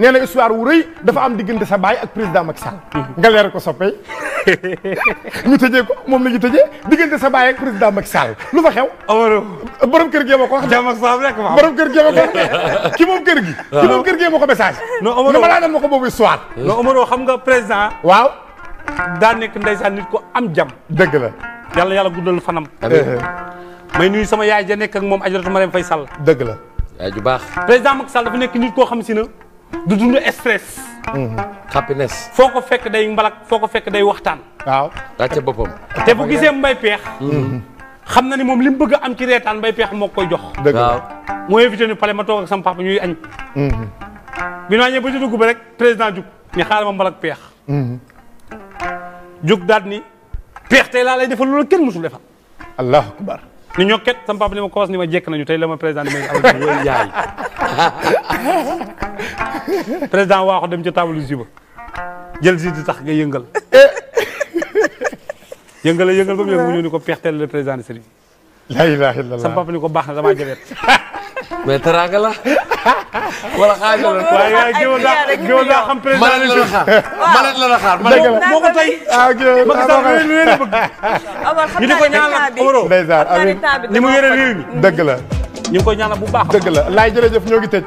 nee na histoire wu rëy dafa am diggante sa baay ak président Macky Sall. nga leer ko soppee ñu tëjee ko moom la ñu tëjee diggante sa baay ak président Macky lu fa xew. borom kër gee ma ko wax. jàmm ak saam rek ma borom kër gee ma ko wax ki moom kër gi. ki moom kër gee ma ko message. non ko boobu histoire. non Omaro xam nga président. waaw. daa nekk ndeysaan nit ko am jam dëgg la. yàlla yàlla guddal fanam. may nuyu sama yaay ja nekk ak moom Ajaratu Marème Faye Sall. dëgg la. yaay ju baax. président Macky dafa nekk nit koo xa si na du dund stress. Mhm. happiness. foo ko fekk day mbalak foo ko fekk day waxtaan. waaw laajte boppam. te bu gisee mbay peex. xam na ni moom li mu bëgg a am ci reetaan mbay peex moo koy jox. dëgg la moo invité ñu pale ma toog ak sama papa ñuy añ. Mhm. bi ñu añee ba ci dugg ba rek président jug ni xaaral ma mbalak peex. Mhm. jug daal ni peex tey laa lay defal loolu kenn musul defal. allahu akbar. ni ñokket sama papa ni ma ni jekk nañu tey la ma président di may am. président waaxu dem ca table ji ba jël si di tax nga yëngal. yëngal la yëngal ba mu yëngu mu ni ko peexteel le président de Serigne. la ilaha illallah sama ni ko baax na damaa jëbeet. mais teraanga la. wala xaajal la waaye waaye géwél daa géwél daa xam président ah. la la xaar la la ah, ni mu yore réew la. ñu ngi koy la bu baax dëgg la laay jërëjëf ñoo ngi tëj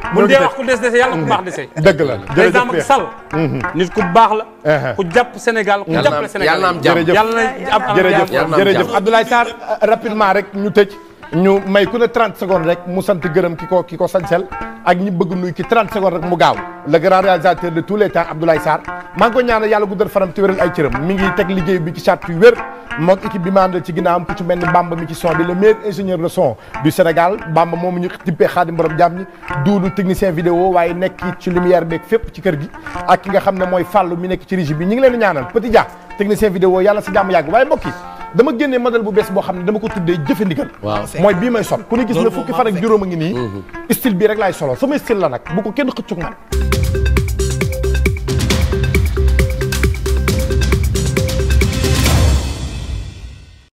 ku des dese yàlla ku mm. baax dese dëgg la président Macky Sall mm-hmm. nit ku baax la uh-huh. jàpp Sénégal ku jàppale Sénégal yàlla na am jàmm jërëjëf jërëjëf Abdoulaye Sarr uh, rapidement rek ñu tëj ñu may ku ne 30 secondes rek mu sant gërëm ki ko ki ko sañsel ak ñi bëgg nuy ki 30 secondes rek mu gaaw le grand réalisateur de tous les temps Abdoulaye Sarr maa ngi ko ñaanal yàlla guddal faram te wéral ay cëram mi ngi teg liggéey bi ci charte yu wér moog équipe bi ma ci ginnaawam ku ci mel ni Bamba mi ci son bi le meilleur ingénieur de son du Sénégal Bamba moomu ñu dippee Xaadim borom jàmm ñi duudu technicien vidéo waaye nekk ci lumière beeg fépp ci kër gi ak ki nga xam ne mooy fàllu mi nekk ci régie bi ñu ngi leen ñaanal Petit Dia technicien vidéo yàlla sa jàmm yàgg waaye mbokk dama génnee modèle ko tuddee jëfandigal mooy bii may sol ku